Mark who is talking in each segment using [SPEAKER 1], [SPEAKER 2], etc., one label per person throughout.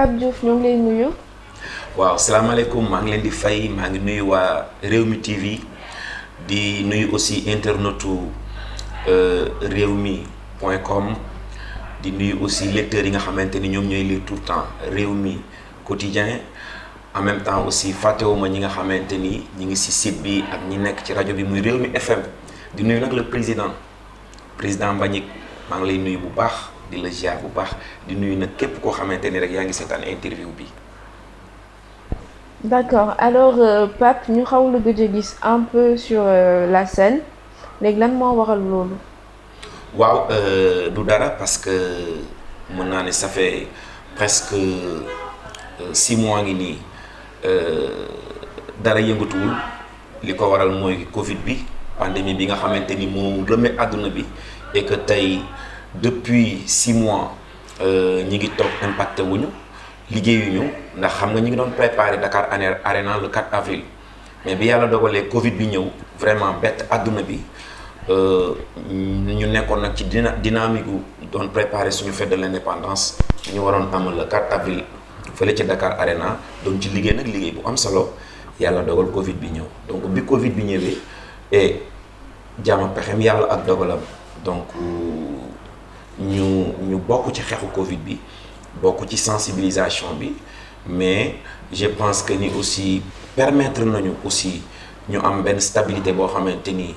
[SPEAKER 1] Pape Diouf ñu lay nuyu.
[SPEAKER 2] waaw salaamaaleykum maa ngi leen di fay maa ngi nuyu waa réew Rewmi TV di nuyu aussi internetu euh, Rewmi point com di nuyu aussi lecteurs yi nga xamante ni ñoom ñooy lire tout le temps Rewmi quotidien en même temps aussi fàttewuma ñi nga xamante ni ñi ngi si site bi ak ñi nekk ci rajo bi muy réew mi FM di nuyu nag le président président Mbagnick maa ngi lay nuyu bu baax. di la ziar bu baax di nuyu nag képp koo xamante ni rek yaa ngi seetaan interview bi.
[SPEAKER 1] d'accord alors euh, ñu xaw la gëj a gis un peu sur euh, la scène léegi lan moo waral loolu.
[SPEAKER 2] waaw euh, du dara parce que mën naa ne ça fait presque euh, six mois ngi nii dara yëngatuwul li ko waral mooy Covid bi pandémie bi nga xamante ni moo lëmbe àdduna bi et tey. depuis six mois euh, ñi ngi toog impacté wuñu liggéeyuñu ndax xam nga ñi ngi doon préparer Dakar Arena le 4 avril mais bi yàlla dogalee Covid bi ñëw vraiment bett àdduna bi euh, ñu nekkoon nag ci dina dynamique gu doon préparé suñu fête de l' indépendance waroon amal le 4 avril fële ci Dakar Arena doon ci liggéey nag liggéey bu am solo yàlla dogal Covid bi ñëw donc bi Covid bi ñëwee eh, jaama pexem yàlla ak dogalam donc. Euh, ñu ñu bokk ci xeexu Covid bi bokk ci sensibilisation bi mais je pense que ni aussi permettre nañu aussi ñu am benn stabilité boo xamante ni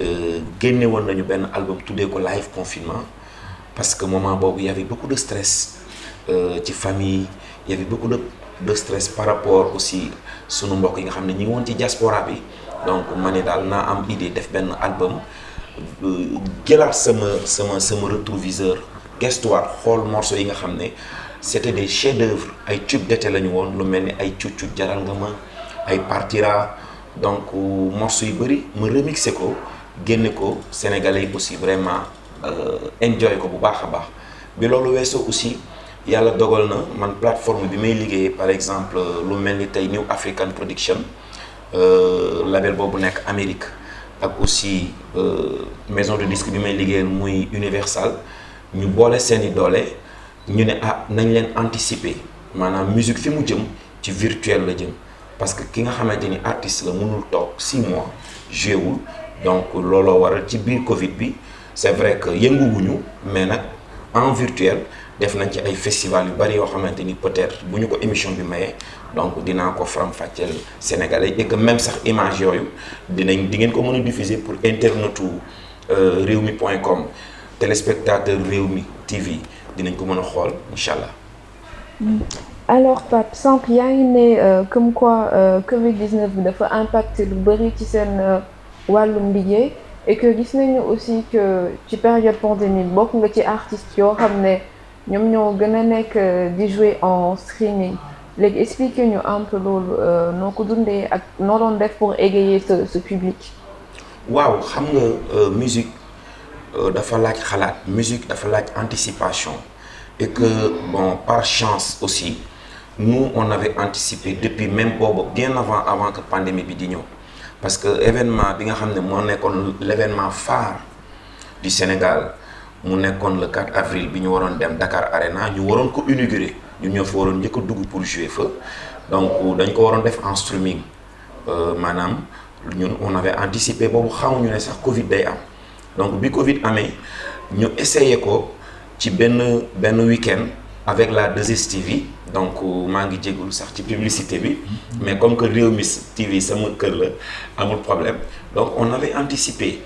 [SPEAKER 2] euh, génne woon nañu benn album tuddee ko live confinement parce que moment boobu y avait beaucoup de stress euh, ci famille y avait beaucoup de de stress par rapport aussi sunu mbokk yi nga xam ne ñi ngi woon ci diaspora bi donc ma ne daal naa am idée def benn album. jëlaat sama sama sama rétroviseur gestuwaat xool morso yi nga xam ne c'était des chefs-d'œuvre ay tube d'été la woon lu mel ni ay cuccu jaral nga ma ay partira donc euh, morceaux yu bëri ma remixé ko génne ko sénégalais yi aussi vraiment euh, enjoy ko bu baax a baax bi loolu weesoo aussi yàlla dogal na man plateforme bi may liggéeyee par exemple euh, lu mel ni tey New African Production label boobu nekk Amérique ak aussi euh, maison de disque bi may liggéeyal muy Universal ñu boole seeni doole ñu ne ah nañ leen anticiper maanaam musique fi mu jëm ci virtuel la jëm parce que ki nga xamante ni artiste la mënul toog 6 mois joué donc looloo waral ci biir Covid bi c'est vrai que yënguwuñu mais nag en virtuel def nañ ci ay festival yu bari yoo xamante ni peut bu ñu ko émission bi maye donc dinaa ko faram-fàcceel sénégalais et que même sax image yooyu dinañ di ngeen ko mën a diffuser pour internetu euh, réew mi point com téléspectateur réew mi TV dinañ ko mën a xool incha allah.
[SPEAKER 1] Mm. alors Pape Sànq yaa ngi ne euh, comme quoi euh, Covid 19 bi dafa impacté lu bëri ci seen wàllu liggéey et que gis nañu aussi que ci période pandémie bokk nga ci artistes yoo xam ne ñoom ñoo gën a nekk di jouer en streaming. léegi expliqué ñu un peu loolu euh, noo ko dundee ak noo doon def pour égayer ce ce public.
[SPEAKER 2] waaw xam nga euh, musique euh, dafa laaj xalaat musique dafa laaj anticipation et que bon par chance aussi nous on avait anticipé depuis même boobu bien avant avant que pandémie bi di ñëw parce que événement bi nga xam ne moo nekkoon l'événement phare du Sénégal mu nekkoon le 4 avril bi ñu waroon dem Dakar Arena ñu waroon ko inaugurer. ñu ñëw fa waroon njëkk a dugg pour jouer fa donc dañ ko waroon def en streaming euh, maanaam ñun on avait anticipé boobu xamuñu ne sax Covid day donc bi Covid amee ñu essayé ko ci benn benn week-end la 2 donc maa ngi jégul sax ci publicité bi mais comme que Rewmi TV sama kër la amul problème donc on avait anticipé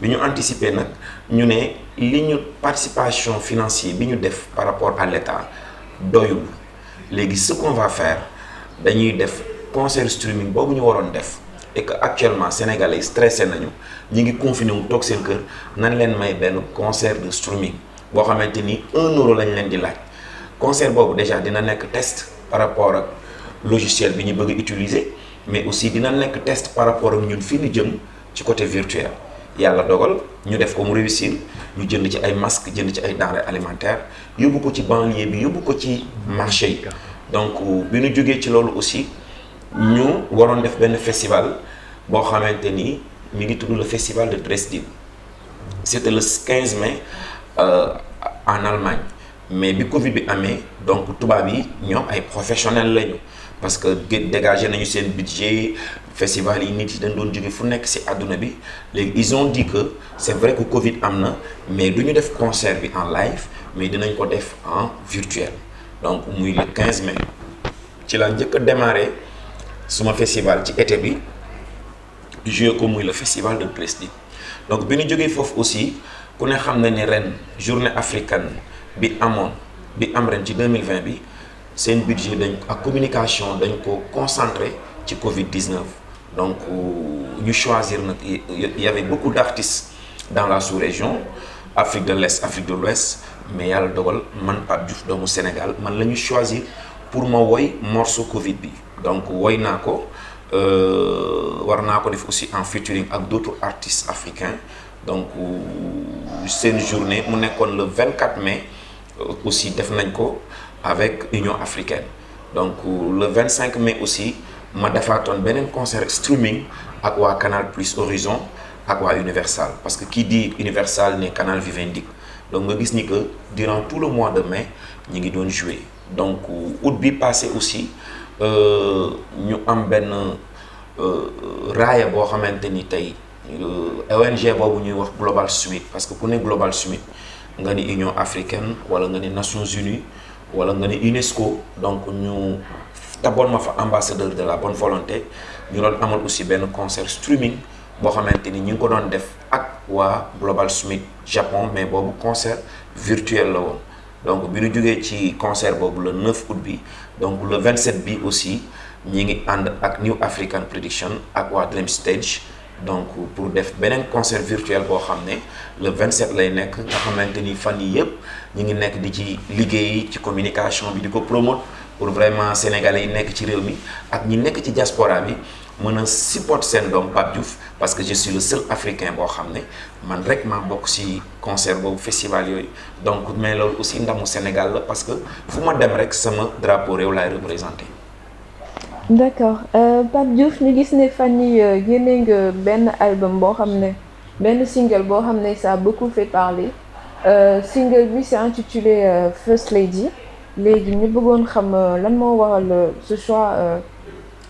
[SPEAKER 2] bi ñu anticipé nag ñu ne li ñu participation financier bi ñu def par rapport à l'État doyul léegi ce qu'on va faire dañuy def concert streaming boobu ñu waroon def et actuellement sénégalais yi stressé nañu ñi ngi confiné mu toog seen kër nan leen may benn concert de streaming boo xamante ni un euro lañ leen di laaj concert boobu déjà dina nekk test par rapport ak logiciel bi ñu bëgg utiliser mais aussi dina nekk test par rapport ak ñun fii ñu jëm ci côté virtuel yàlla dogal ñu def ko mu réussir ñu jënd ci ay masques jënd ci ay denrées alimentaires yóbbu ko ci banlieue bi yóbbu ko ci marché yi donc bi ñu jógee ci loolu aussi ñu waroon def benn festival boo xamante ni mu ngi tudd le festival de Dresde c'était le 15 mai euh, en Allemagne mais bi Covid bi amee donc tubaab yi ñoom ay professionnels lañu parce que dégager nañu seen budget festival yi nit yi dañ doon jóge fu nekk ci àdduna bi léegi ils ont dit que c'est vrai que Covid am na mais du ñu def concert bi en live mais dinañ ko def en virtuel donc muy le 15 mai ci la njëkk a démarrer suma festival ci été bi joué ko muy le festival de Prestige donc bi ñu jógee foofu aussi ku ne xam na ni ren journée africaine bi amoon bi am ren ci 2020 bi seen budget dañ ak communication dañ ko concentré ci Covid 19. donc euh, ñu choisir nag y avait beaucoup d'artistes dans la sous-région Afrique de l'Est Afrique de l'Ouest mais yàlla dogal man Pape doomu Sénégal man la ñu choisir pour ma woy morceau Covid bi donc woy naa ko euh, war naa ko def aussi en featuring ak d'autres artistes africains donc euh, seen journée mu nekkoon le 24 mai aussi def nañ ko avec Union africaine donc le 25 mai aussi ma defaatoon beneen concert streaming ak waa Canal Plus Horizon ak waa Universal parce que qui dit Universal ne Canal Vivendi donc nga gis ni que durant tout le mois de mai ñi ngi doon jouer donc août bi passé aussi euh, ñu am benn euh, raaya boo xamante ni tey euh, ONG boobu ñuy wax Global Summit parce que ku ne Global Summit nga ni Union africaine wala nga ni Nations Unies wala nga ni UNESCO donc ñu taboon ma fa ambassadeur de la bonne volonté ñu doon amal aussi benn concert streaming boo xamante ni ñu ngi ko doon def ak waa Global Summit Japon mais boobu concert virtuel la woon donc bi ñu jógee ci concert boobu le 9 août bi donc le 27 bi aussi ñi ngi ànd ak New African Prediction ak waa Dream Stage donc pour def beneen concert virtuel boo xam ne le 27 lay nekk nga xamante ni fan yi yëpp ñu ngi nekk di ci liggéey ci communication bi di ko promote pour vraiment sénégalais yi nekk ci réew mi ak ñi nekk ci diaspora bi mën a support seen doom Pape Diouf parce que je suis le africain boo xam ne man rek maa bokk ci concert boobu festival yooyu donc mais loolu aussi ndamu Sénégal la parce que fu ma dem rek sama drapeau réew laay représenté.
[SPEAKER 1] d'accord euh, Pape ñu gis ne fan yii génnee euh, nga benn album boo xam ne benn single boo xam ne ça a beaucoup fait parler euh, single bi c'est intitulé euh, First Lady. léegi ñu bëggoon xam euh, lan moo waral euh, ce choix euh,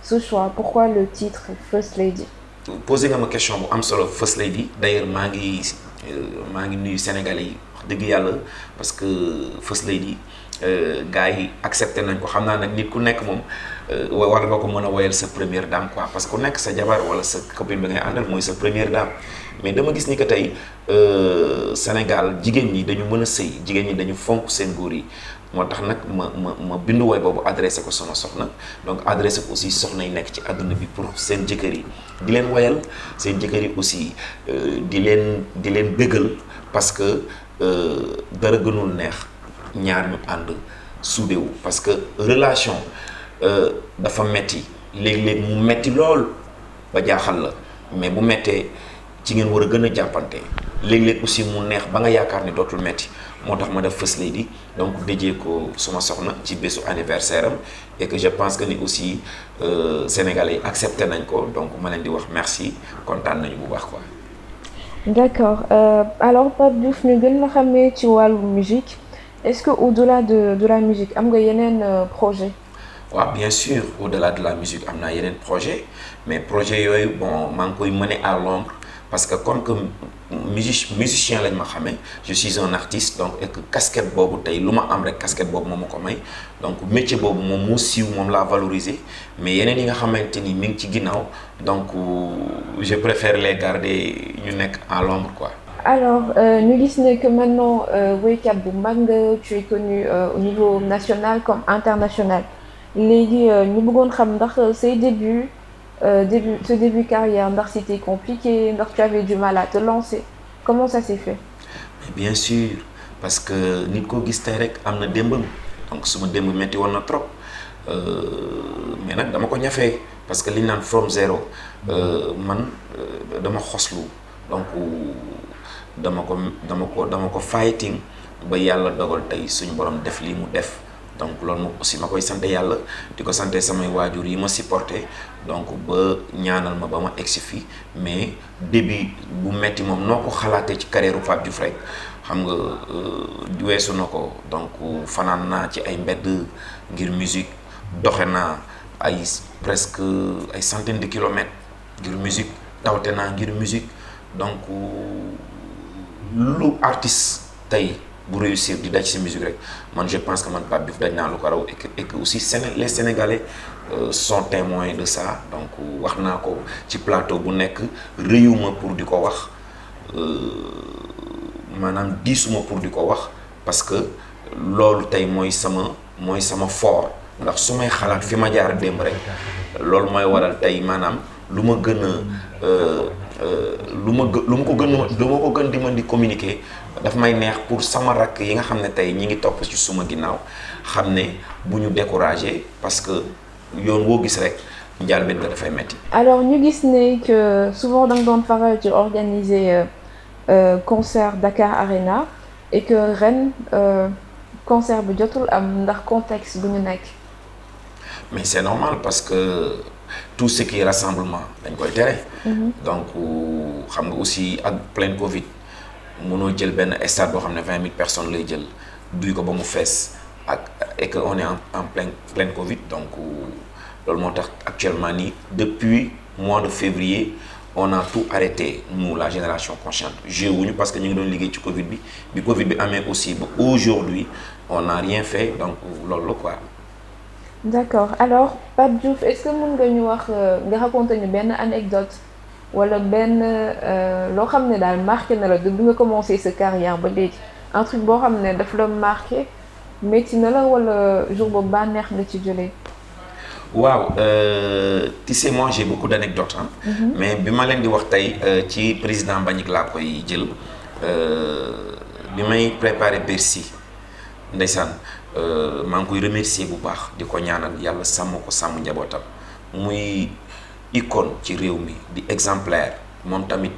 [SPEAKER 1] ce choix pourquoi le titre First Lady.
[SPEAKER 2] posé nga question bu am solo First Lady d'ailleurs maa ngi maa ngi nuyu Sénégalais yi. wax dëgg yàlla parce que First Lady euh, gars yi accepté nañ ko xam naa nag nit ku nekk moom euh, war nga ko mën a woyal sa première dame quoi parce que ku nekk sa jabar wala sa copine bi ngay mooy sa première dame mais dama gis ni que tey euh, Sénégal jigéen ñi dañu mën a sëy jigéen ñi dañu fonk seen góor yi moo tax nag ma ma ma bindu woy boobu adressé ko sama soxna donc adressé ko aussi soxna yi nekk ci àdduna bi pour seen jëkkër yi di leen woyal seen jëkkër yi aussi di leen di leen bëggal parce Euh, dara gënul neex ñaar ñu ànd suudewu parce que relation euh, dafa metti léeg-léeg mu metti lool ba jaaxal la mais bu mettee ci ngeen war a gën a jàppante léeg-léeg aussi mu neex ba nga yaakaar ni dootul metti moo tax ma def First di donc déjee ko suma soxna ci bésu anniversaire am et que je pense que ni aussi euh, sénégalais yi accepté nañ ko donc ma leen di wax merci kontaan nañu bu baax quoi
[SPEAKER 1] D'accord. Euh, alors Pape Diouf ñu gën la xamee ci wàllu musique est-ce que au-delà de de la musique am nga yeneen euh, projet
[SPEAKER 2] waaw bien sûr au-delà de la musique am na yeneen projet mais projet yooyu bon maa ngi koy mener à l'ombre parce que comme que music musicien lañ ma xamee je suis un artiste donc et que casquette boobu tey lu ma am rek casquette boobu moom ma ko may donc métier boobu moom moo siiw moom laa valoriser mais yeneen yi nga xamante ni mu ngi ci ginnaaw donc euh, je préfère les garder ñu nekk en l'ombre
[SPEAKER 1] quoi. alors euh, ñu gis ne que maintenant euh, woykat bu mag nga tu es connu au niveau national comme international léegi ñu bëggoon xam ndax say débuts. euh, début, ce début de carrière, c'était compliqué, donc tu avais du mal à te lancer. Comment ça s'est fait
[SPEAKER 2] Bien sûr, parce que nit ko gis tey rek am na démbam donc suma démb métti woon na trop euh, mais nag dama ko ñafee parce que li naan from zero euh, man euh, dama xoslu donc dama ko dama ko dama ko fighting ba yàlla dogal tey suñu borom def lii mu def donc loolu aussi ma koy sante yàlla di ko sante samay waajur yi ma supporté donc ba ñaanal ma ba ma egsi fii mais début bu metti moom noo ko xalaatee ci carrière Pape Diouf rek xam nga euh, weesu na ko donc fanaan naa ci ay mbedd ngir musique doxe naa ay presque ay centaine de kilomètres ngir musique dawte naa ngir musique donc lu artiste tey bu réussir di daj si musique rek man je pense que man Pape Diouf daj naa lu ko raw et que aussi Séné les Sénégalais euh, sont témoins de ça donc wax naa ko ci plateau bu nekk réyuma pour di ko wax euh, maanaam diisuma pour di ko wax parce que loolu tey mooy sama mooy sama fort ndax su may xalaat fi ma jaar bémb rek loolu mooy waral tey maanaam lu ma gën a euh, lu ma gë lu ma ko gën lu ma ko gën di mën di communiquer daf may neex pour sama rakk yi nga xam ne tey ñi ngi topp ci suma ginnaaw xam ne bu ñu découragé parce que yoon woo gis rek njaal benn dafay metti
[SPEAKER 1] alors ñu gis ne que souvent da doon faral di organiser euh, euh, concert Dakar Arena et que ren euh, concert bu jotul am ndax contexte bu ñu nekk
[SPEAKER 2] mais c'est normal parce que tout ce qui est rassemblement dañ koy tere. Mhm. donc euh, xam nga aussi ak plein Covid mënoo jël benn stade boo xam ne vingt mille personnes lay jël duy ko ba mu fees ak et que on est en en Covid donc euh, loolu moo tax actuellement nii depuis mois de février. on a tout arrêté nous la génération consciente joué wuñu parce que ñu ngi doon liggéey ci Covid bi bi Covid bi amee aussi ba aujourd'hui on n'a rien fait donc euh, loolu la quoi.
[SPEAKER 1] d'accord alors Pape Diouf est-ce que mën nga ñu wax euh, nga raconter ñu benn anecdote wala benn euh, loo xam ne daal marqué na la de bi nga commencé sa carrière ba léegi un boo xam ne daf la marqué métti na la wala jour boobu bànneex nga ci jëlee.
[SPEAKER 2] waaw euh, tu sais moi j'ai beaucoup d'anecdotes hein. Mm-hmm. mais bi ma leen di wax tey ci président Mbagnick laa koy jël bi may préparer Bercy ndeysaan. Euh, maa ngi koy remercier bu baax di ko ñaanal yàlla sàmm ko sàmm njabootam muy icône ci réew mi di exemplaire moom tamit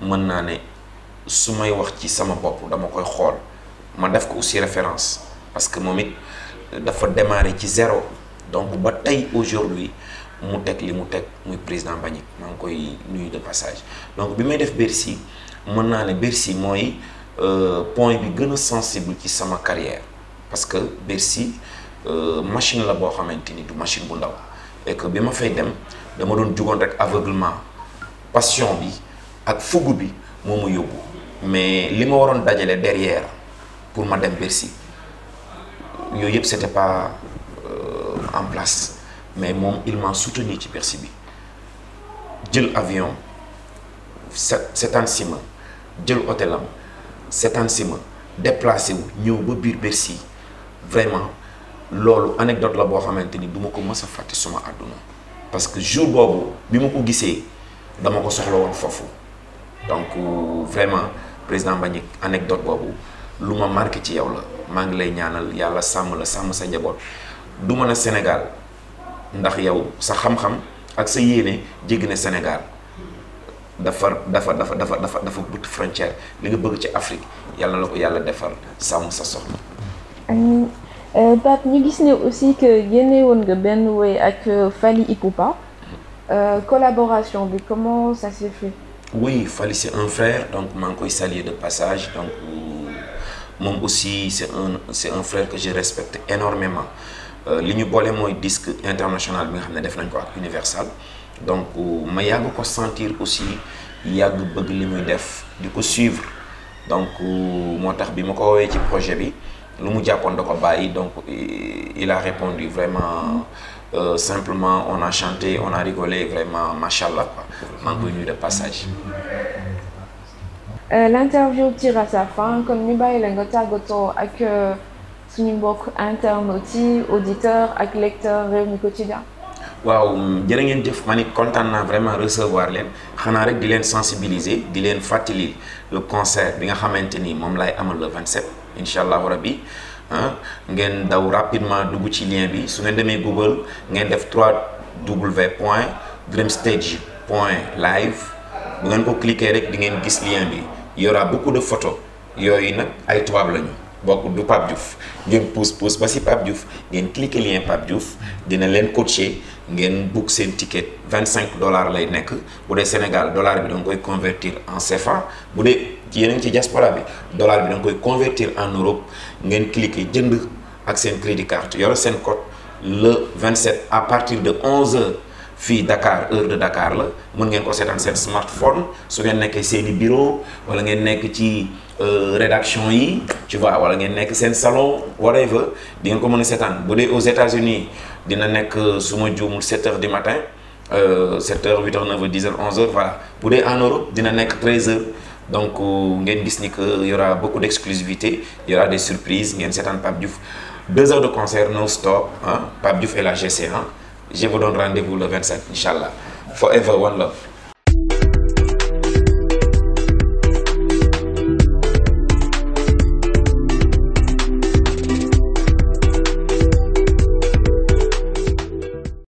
[SPEAKER 2] mën naa ne su may wax ci sama bopp dama koy xool ma def ko aussi référence parce que moom it dafa démarrer ci zéro donc ba tey aujourd'hui mu teg li mu teg muy président Mbagnick maa ngi koy nuyu de passage donc bi may def Bercy mën naa ne Bercy mooy euh, point bi gën a sensible ci sama carrière parce que Bercy euh, machine la boo xamante ni du machine bu ndaw et bi ma fay dem dama doon jugoon rek aveuglement passion bi ak fugu bi moo ma yóbbu mais li ma waroon dajale derrière pour ma dem Bercy yooyu yëpp c'était pas euh, en place mais moom il m'a soutenu ci Bercy bi jël avion set setaan si ma jël hôtelam setaan si ma déplacé wu ñëw ba biir Bercy vraiment loolu anecdote la boo xamante ni du ma ko mës a fàtte suma àdduna parce que jour boobu bi ma ko gisee dama ko soxla woon foofu donc euh, vraiment président Mbagnick anecdote boobu lu ma marqué ci yow la maa ngi lay ñaanal yàlla sàmm la sàmm sa njaboot du mën a Sénégal ndax yow sa xam-xam ak sa yéene jéggi na Sénégal dafa dafa dafa dafa dafa dafa bëtt frontière li nga bëgg ci Afrique yàlla la ko yàlla defar sàmm sa soxna.
[SPEAKER 1] Euh, Pape ñu gis ne aussi que génne woon nga benn woy ak euh, Fally Ipupa euh, collaboration bi comment ça s'est fait.
[SPEAKER 2] oui Fally c'est un frère donc maa ngi koy saluer de passage donc moom aussi c'est un c'est un frère que je respecte énormément li ñu boole mooy disque international bi nga xam ne def nañ ko ak Universal donc ma yàgg ko sentir aussi yàgg bëgg li muy def di ko suivre donc moo tax bi ma ko woowee ci projet bi. lu mu jàppoon da ko bàyyi donc il a répondu vraiment euh, simplement on a chanté on a rigolé vraiment macha allah quoi maa ngi koy nuyu de passage.
[SPEAKER 1] Euh, l'interview tire sa fin comme ñu bàyyi la nga tàggatoo ak euh, suñu mbokk internautes yi auditeurs ak lecteurs Rewmi Quotidien.
[SPEAKER 2] waaw jërë ngeen jëf ma ni kontaan naa vraiment recevoir leen xanaa rek di leen sensibiliser di leen fàttali le concert bi nga xamante ni moom laay amal le 27 incha allahu rabbi ngeen daw rapidement dugg ci lien bi su ngeen demee Google ngeen def 3w point dreamstage point live bu ngeen ko cliquer rek di ngeen gis lien bi y aura beaucoup de photos yooyu nag ay tubaab lañu bokk du Pape Diouf ngeen pousse pousse ba si Pape Diouf ngeen cliquer lien Pape Diouf dina leen coacher. ngeen book seen ticket vingt cinq dollars lay nekk bu dee Sénégal dollar bi da nga koy convertir en CFA bu dee yéen ci diaspora bi dollar bi da nga koy convertir en Europe ngeen cliquer jënd ak seen crédit carte yore seen code le à partir de 11 heures fii Dakar heure de Dakar la mën ngeen ko seetaan seen smartphone su ngeen nekkee seen i bureau wala ngeen nekk ci euh, rédaction yi tu vois wala ngeen nekk seen salon whatever di ngeen ko mën a seetaan bu dee aux États-Unis dina nekk euh, su ma juumul 7 heures du matin 7 euh, heures 8 heures 9 heures 10 heures 11 heures voilà bu dee en Europe dina nekk 13 heures donc euh, ngeen gis ni que y aura beaucoup d' exclusivité y aura des surprises ngeen seetaan Pape Diouf 2 heures de concert non stop ah Pape Diouf et la GC1 je vous donne rendez-vous le 27 incha allah forever one love.